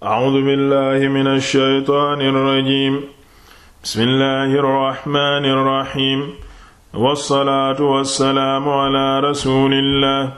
A'uuzu billaahi mina shaytaani rajiim bismillaahi rahmaani rahiim wassalaatu wassalaamu alaa rasuulillaah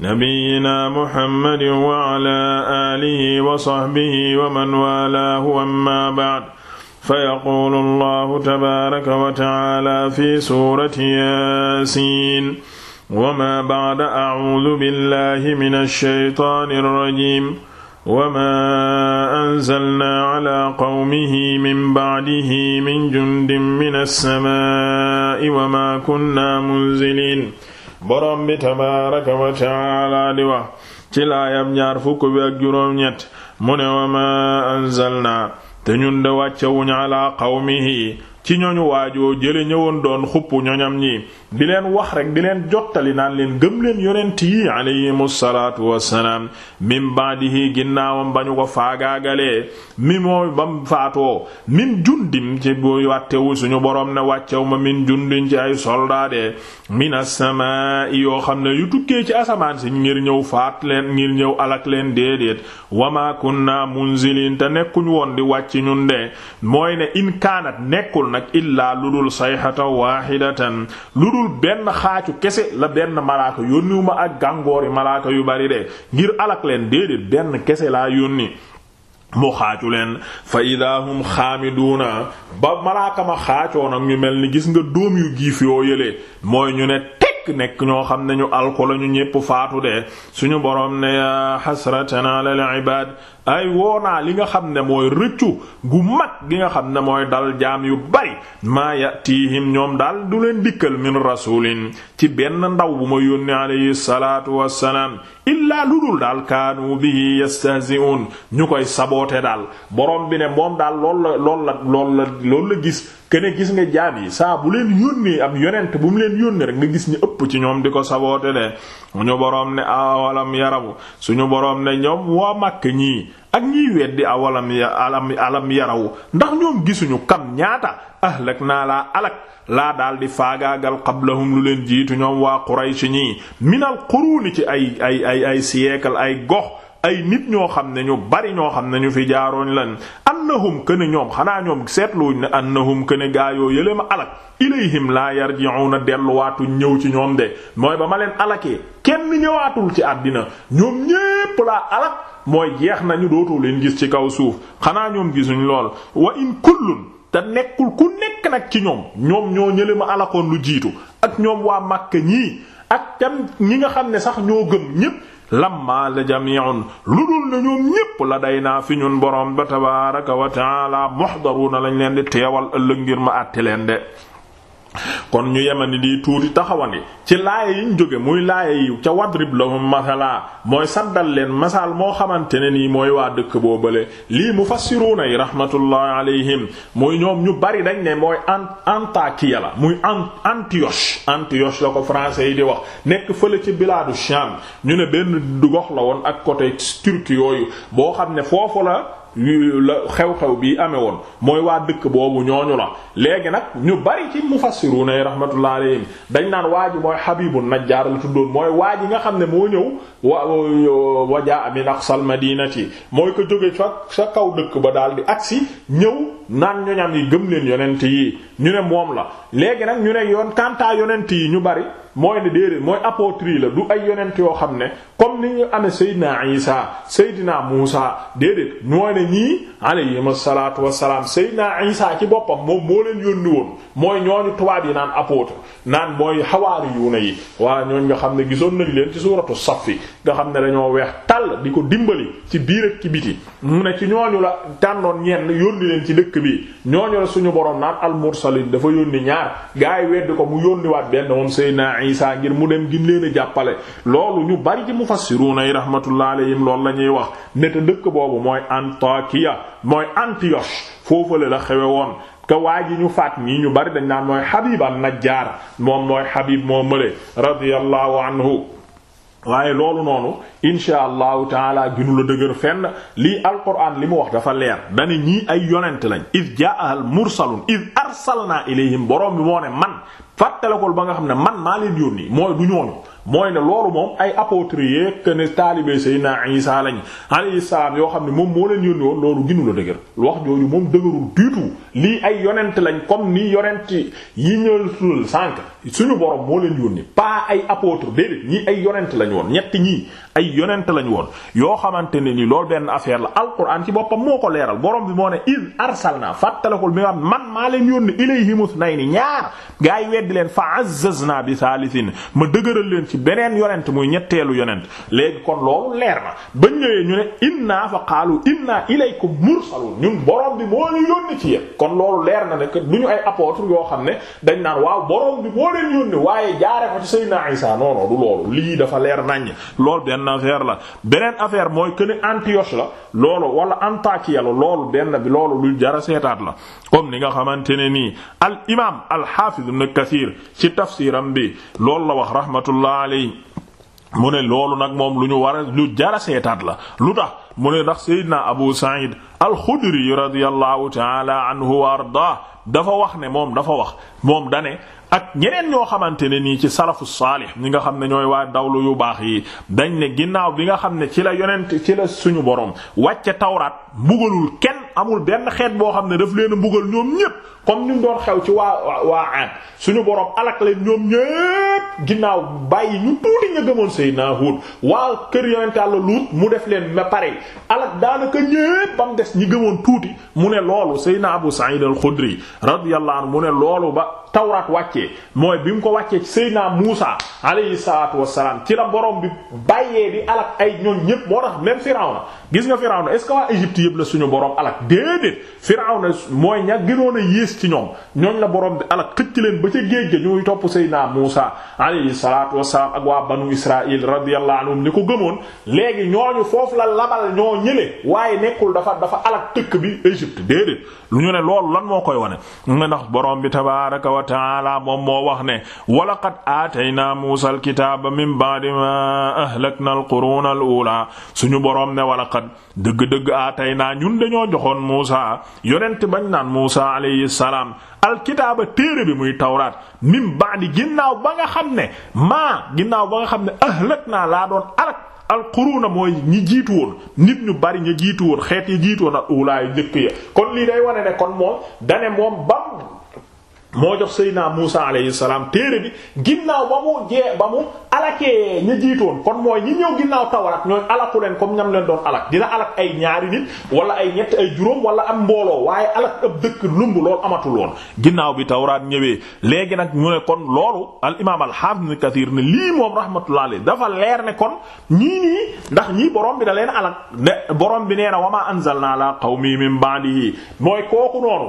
nabiyyinaa muhammadin wa alaa aalihi wa sahbihi wa man waalaahu ammaa ba'd fayaquulu allaahu tabaaraka wa ta'aalaa fi suurati yaasiin wa maa ba'da a'uuzu billaahi mina shaytaani rajiim wama anzalna ala qawmihi min bacdihi min jundin min alsamai wama kunna munzilin boroom bi tabaraka wa taala di wax ci laayam ñaar fukk bi ak juróom-ñett mu ne wama anzalna te ñun de wàccewuñ ci ñooñu waajoo jële ñëwoon doon xupp ñoñam ñi di leen wax rek di leen jottali naan leen gëm leen yonent yi alayhimu salaatu wassalaam min baadihi ginnaawam ba ñu ko faagaagalee mi mooy bam faatoo min jundim ci bu wàttewu suñu boroom ne wàccew ma min jundim ci ay soldaade mina samaa yoo xam ne yu tukkee ci asamaan si ngir ñëw faat leen ngir ñëw alak leen déedéet wama kunna munzilin te nekkuñu woon di wàcc ñun de mooy ne in kaanat nekkul nag illaa lu dul sayhatan wahidatan lu dul benn xaacu kese la benn malaaka yónniwu ak gàngoori malaaka yu bari de ngir alak leen déedéet benn kese laa yónni mu xaacu leen fa ida hum xaamiduuna ba malaaka ma xaacoo nag mel ni gis nga dóom yu giif yoo yële mooy ñu ne nekk nekk ñoo xam ne ñu alko ñu ñépp faatu de suñu borom ne ya xasratan ala al ibad ay woonaa li nga xam ne mooy rëccu gu mag gi nga xam ne mooy dal jaam yu bari maa yatihim ñoom daal du leen dikkal min rasulin ci benn ndaw bu ma yónni alayhi salaatu wassalaam illaa lu dul daal kaanu bihi yastahzi'un ñu koy saboote daal boroom bi ne moom daal lool la la gis kene gis nga jaam yi saa bu leen yónnee ak yonent bu mu leen yónnee rek nga gis ñu ëpp ci ñoom di ko saboote de suñu boroom ne awalam yarabu suñu boroom ne ñoom waa màkk ñii ak ñiy weddi awalam ya alam alam yarawu ndax ñoom gisuñu kam ñaata ahlak naa laa alak laa daal di faagaagal qablahum lu leen jiitu ñoom waa Quraysh ñii minal quruuni ci ay ay ay ay siècle ay gox ay nit ñoo xam ne ñu bari ñoo xam ne ñu fi jaaroon lan annahum këne ñoom xanaa ñoom seetluwuñ ne annahum këne gaa yoo yële ma alak ilayhim laa yarji'una delluwaatuñ ñëw ci ñoom de mooy ba ma leen alakee kenn ñëwaatul ci àddina ñoom ñépp laa alak mooy jeex nañu dootoo leen gis ci kaw suuf xanaa ñoom gisuñ lool wa in kullun te nekkul ku nekk nag ci ñoom ñoom ñoo ñële ma alakoon lu jiitu ak ñoom waa Makka ñii ak tam ñi nga xam ne sax ñoo gëm ñépp lamma la jami'un lu dul ne ñoom ñépp la day naa fi ñun borom ba tabaaraka wa ta'ala muhdaruna lañ leen di teewal ëllëg ngir ma àtte leen kon ñu yemani di tuuti taxawani ci laaya yiñ jóge muy laaya yi ca wadrib lahum mathala mooy saddal leen masal moo xamante ne nii mooy waa dëkk boobale lii mufassiruna yi rahmatullahi alayhim muy ñoom ñu bari dañ ne mooy Antakiya la muy Antioche Antioche la ko français yi di wax nekk fële ci bilaadu Sham ñu ne benn gox la woon ak côté Turquie yooyu boo xam ne foofu la la xew-xew bii amee woon mooy waa dëkk boobu ñooñu la léegi nag ñu bari ci mufassiruna rahmatullahi alayhim dañ naan waa ji mooy Habibu Najjaar la tuddoon mooy waa ji nga xam ne moo ñëw wa wajaa min aqsal madinati mooy ko jóge fa sa kaw dëkk ba daal di agsi ñëw naan ñoñam yi gëm leen yonent yi ñu ne moom la léegi nag ñu ne yoon kantaa yonent yi ñu bari mooy ne déedéet mooy apôtre la du ay yonent yoo xam ne comme ni ñu amee Seydina Isa Seydina Muusa déedéet mooy ne ñii alayhim salaatu wassalaam Seydina Isa ci boppam moom moo leen yónni woon tubaab yi naan apôtre naan mooy xawaariyuuna yi waa ñooñ nga xam ne gisoon nañ leen ci suuratu Saffi nga xam ne dañoo weex tàll di ko dimbali ci biir ak ci biti mu ne ci ñooñu la tànnoon ñenn yónni leen ci dëkk bi ñooñu la suñu boroom naan al mursalin dafa yónni ñaar gaay weddi ko mu yónniwaat benn moom Seydina Isa ngir mu dem gin leen a jàppale loolu ñu bari ci mufassiruna yi rahmatullah alayhim loolu la ñuy wax ne te dëkk boobu mooy Antakiya mooy Antioche foofale la xewe woon ka waa ji ñu faat ñii ñu bari dañ naan mooy Habib an-Najjar moom mooy Habib moo mële radiyallahu anhu waaye loolu noonu insha allahu taala ginu la dëgër fenn lii alquran li mu wax dafa leer dani ñii ay yonent lañ id jaa al mursalun id arsalna ilayhim boroom bi moo ne man fàttalekul ba nga xam ne man maa leen yónni mooy du ñooñu mooy ne loolu moom ay apôtres yeeg que ne taalibe Seydina Isa lañ alayhi salaam yoo xam ne moom moo leen yónni woon loolu ginu la dëgër wax jooju moom dëgërul du tout lii ay yonent lañ comme ni yonent yi ñëw suul sànq. suñu borom moo leen yónni pas ay apôtre déedéet ñii ay yonent lañ woon ñett ñii ay yonent lañ woon yoo xamante ne ni loolu benn affaire la alquran ci boppam moo ko leeral borom bi moo ne iz arsalna fàttalikul mi nga xam man maa leen yónni ilayhimu nayni ñaar gaa yi weddi leen fa azzazna bi thalithin ma dëgëral leen ci beneen yonent muy ñetteelu yonent léegi kon loolu leer ba ñu ne inna fa qaalu inna ilaykum mursalun ñun borom bi moo ñu yónni ci yéen kon loolu leer na ne que duñu ay apôtre yoo xam ne dañ naan waaw borom bi waaye jaare ko ci Seydina Isa non loolu dafa leer naññ loolu benn affaire la beneen affaire mooy que ne la loolu wala Antakiya la benn bi loolu lu jara seetaat la comme ni nga xamante ne nii al imaam al xaafiz Kathir ci tafsiram bi loolu la wax rahmatullah alayhi mu ne loolu nag moom lu ñu war a lu jara seetaat la lu tax mu ne ndax Seydina Abu Sa'id alxudri radiyallahu taala anhu wa ardaa dafa wax ne moom dafa wax moom dane ak ñeneen ñoo xamante ne nii ci salafu saalih mi nga xam ne ñooy waa dawlu yu baax yi dañ ne ginnaaw bi nga xam ne ci la yonent ci suñu borom wàcce tawraat mbugalul kenn amul benn xeet boo xam ne daf leen a mbugal ñoom ñépp comme ñu doon xew ci waa waa aan suñu boroom alak leen ñoom ñépp ginnaaw bàyyi ñu tuuti ña gëmoon Seydina Huud waa kër yonent Yàlla Luut mu def leen ma pare alak daanaka ñépp bam des ñi gëmoon tuuti mu ne loolu Seydina Abu Sa'id al-Khudri radiyallahu anhu mu ne loolu ba tawraat wàccee mooy bi mu ko wàccee ci Seydina Muusa alayhi salaatu wassalaam ci la borom bi bàyyee di alak ay ñoom ñépp moo tax même Firawna gis nga Firawna est-ce que waa Égypte yépp la suñu borom alak déedéet Firawna mooy ña gënoon a yées ci ñoom ñooñ la borom bi alak xëcc leen ba ca géej ga ñuy topp Seydina Muusa alayhi salaatu wassalaam ak waa banu Israël radiyallahu anhum ni ko gëmoon léegi ñooñu foofu la labal ñoo ñële waaye nekkul dafa dafa alak tëkk bi Égypte déedéet lu ñu ne moo koy wone taala moom moo wax ne walaqad aataynaa Muusaa alkitaaba min ba'di maa ahlaknaa alquruuna al-uulaa suñu boroom ne walaqad dëgg-dëgg na ñun dañoo joxoon Muusaa yonent bañ naan Muusaa alayhi salaam alkitaaba téere bi muy tawraat min ba'di ginnaaw ba nga xam ne maa ginnaaw ba nga xam ne ahlaknaa laa doon alak alquruuna mooy ñi jiitu woon nit ñu bari ñi jiitu woon xeet yi jiitu woon al-uulaa yu kon lii day wane ne kon moom dane moom moo jox Seydina Muusa alayhi salaam téere bi ginnaaw ba mu jee ba mu alakee ña jiitoon kon mooy ñi ñëw ginnaaw tawaraat ñooy alaku leen comme ñam leen doon alak dina alak ay ñaari nit wala ay ñett ay juróom wala am mbooloo waaye alak ab dëkk lumb loolu amatul woon ginnaaw bi tawraat ñëwee léegi nag ñu kon loolu al imaam al hafiz ibn kathir ne lii moom rahmatullah dafa leer ne kon ñii nii ndax ñii borom bi da leen alak ne bi nee na wa ma anzalna ala qawmi min ba'dihi mooy kooku noonu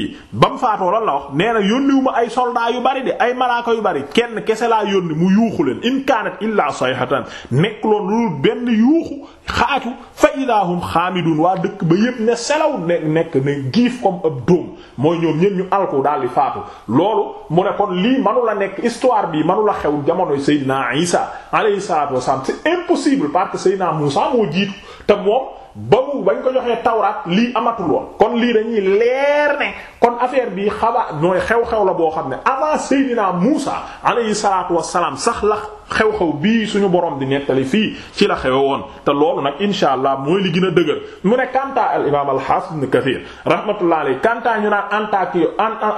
yi ba mu faatoo lan la wax nee na yónniwu ma ay soldats yu bari de ay malaaka yu bari kenn kese laa yónni mu yuuxu leen in kaanat illaa sayhatan nekk loon lu benn yuuxu xaaju fa idaahum xaamidun waa dëkk ba yépp ne selaw ne nekk ne giif comme ab dóom mooy ñoom ñépp ñu alku daal di faatu loolu mu ne kon lii manu la nekk histoire bi manu la xew jamonoy Seydina Isa alayhi salaatu wasalaam c'est impossible parce que Muusa moo jiitu te moom ba mu bañ ko joxee tawraat lii amatuloo kon lii dañuy leer ne kon affaire bii xabaar ñooy xew-xew la boo xam ne avant Seydina Muusa alayhi salaatu wassalaam sax la xew-xew bii suñu borom di nettali fii ci la xewe woon te loolu nag insha allah mooy li gën a dëgër mu ne kanta al imam al hafiz ibn kathir rahmatullahi alayhi kanta ñu naan Antakiya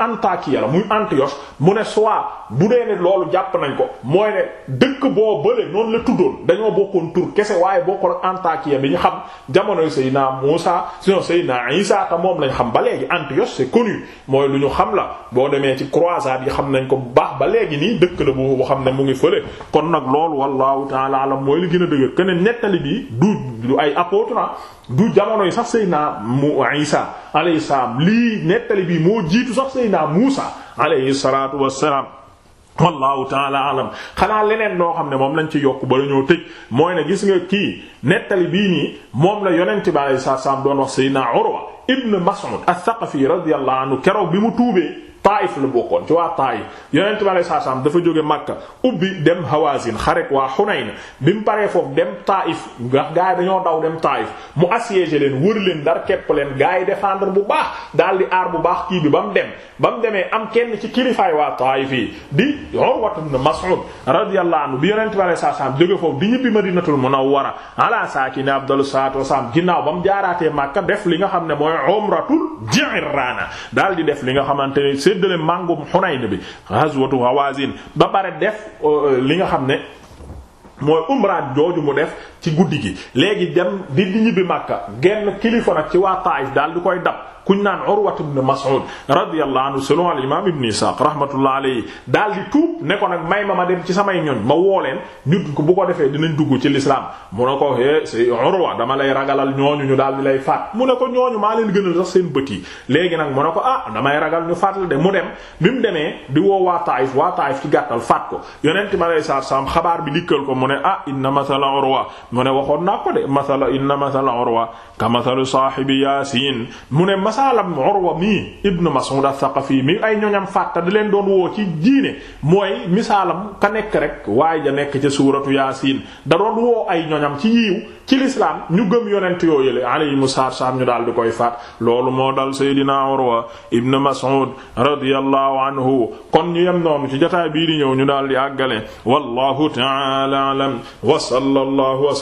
Antakiya la muy Antioche mu ne soit bu dee ne loolu jàpp nañ ko mooy ne dëkk boo bële noonu la tuddoon dañoo bokkoon tur kese waaye bokkul ak Antakiya bi ñu xam jamonoy Seydina Muusa sinon Seydina naa te moom lañ xam ba léegi Antioche c'est connu mooy lu ñu xam la boo demee ci croisade yi xam nañ ko bu baax ba léegi nii dëkk la boobu xam ne mu ngi fële kon nag loolu wallahu taala alam mooy li gën a dëgër que ne nettali bi du du ay apôtre ah, du jamono yi sax Seydina mu Isa alayhi salaam lii nettali bi moo jiitu sax Seydina Muusa alayhi salaatu wassalaam wallahu taala alam xanaa leneen loo xam ne moom lañ ci yokk ba dañoo tëj mooy ne gis nga kii nettali bii nii moom la yonent bi alayhi salaam doon wax naa Urwa ibn Mas'ud al-Thaqafi radiyallahu anhu keroog bi mu tuubee Taayif la bokkoon ci waa Taayif yonent bi alayhi salaam dafa jóge Makka ubbi dem Hawazin xaret waa Hunayn bi mu paree foofu dem Taayif ndax gars yi daw dem Taayif mu assiégé leen wër dar képp leen gars yi bu baax daal di aar bu baax kii ba mu dem ba mu demee am kenn ci kilifaay waa Taayif yi di Urwa ibn Mas'ud radiyallahu anhu bi yonent bi alayhi salaam jóge foofu di ñibbi Madinatul Munawwara ala saakini afdalu salaatu wa salaam mooy umratul Ji'rana daal di def li nga xamante ne séddale màngum Hunayn bi ghazwatu Hawazin ba pare def euh, li nga xam ne mooy umra jooju mu def ci guddi gi léegi dem di di ñibbi Makka genn kilifa nag ci waa daal di koy dab kuñ naan Urwat ibn Mas'ud radiyallahu anhu selon al imam ibn Ishaq rahmatullah alayhi daal di tuub ne ko nag may ma ma dem ci samay ñoñ ma woo leen ko bu ko defee dinañ dugg ci lislaam mu ne ko é si Urwa dama lay ragalal ñooñu ñu daal di lay faat mu ne ko ñooñu maa leen gënal sax seen bët yi léegi nag mu ne ko ah damay ragal ñu faat la de mu dem bi mu demee di woo waa Taif waa Taif ci gàttal faat ko ma lay sa xabaar bi dikkal ko mu ne ah inna mathala Urwa mu ne waxoon naa ko de masala inna masala urwa ka masalu saahibi yaasiin mu ne masalam urwa mi ibnu mas'ud as-saqafi mi ay ñoñam fàtta da leen doon ka nekk rek waaye ja nekk ci suuratu yaasiin da doon woo ay ñoñam ci yiiw ci lislaam ñu gëm yonent yooyu la alayhimu salaam ñu daal di koy faat loolu moo dal seydina urwa ibnu mas'ud radiyallahu anhu kon ñu yem noonu ci jotaay bii di ñëw ñu daal di àggale wallahu ta'ala a'lam wa sallallahu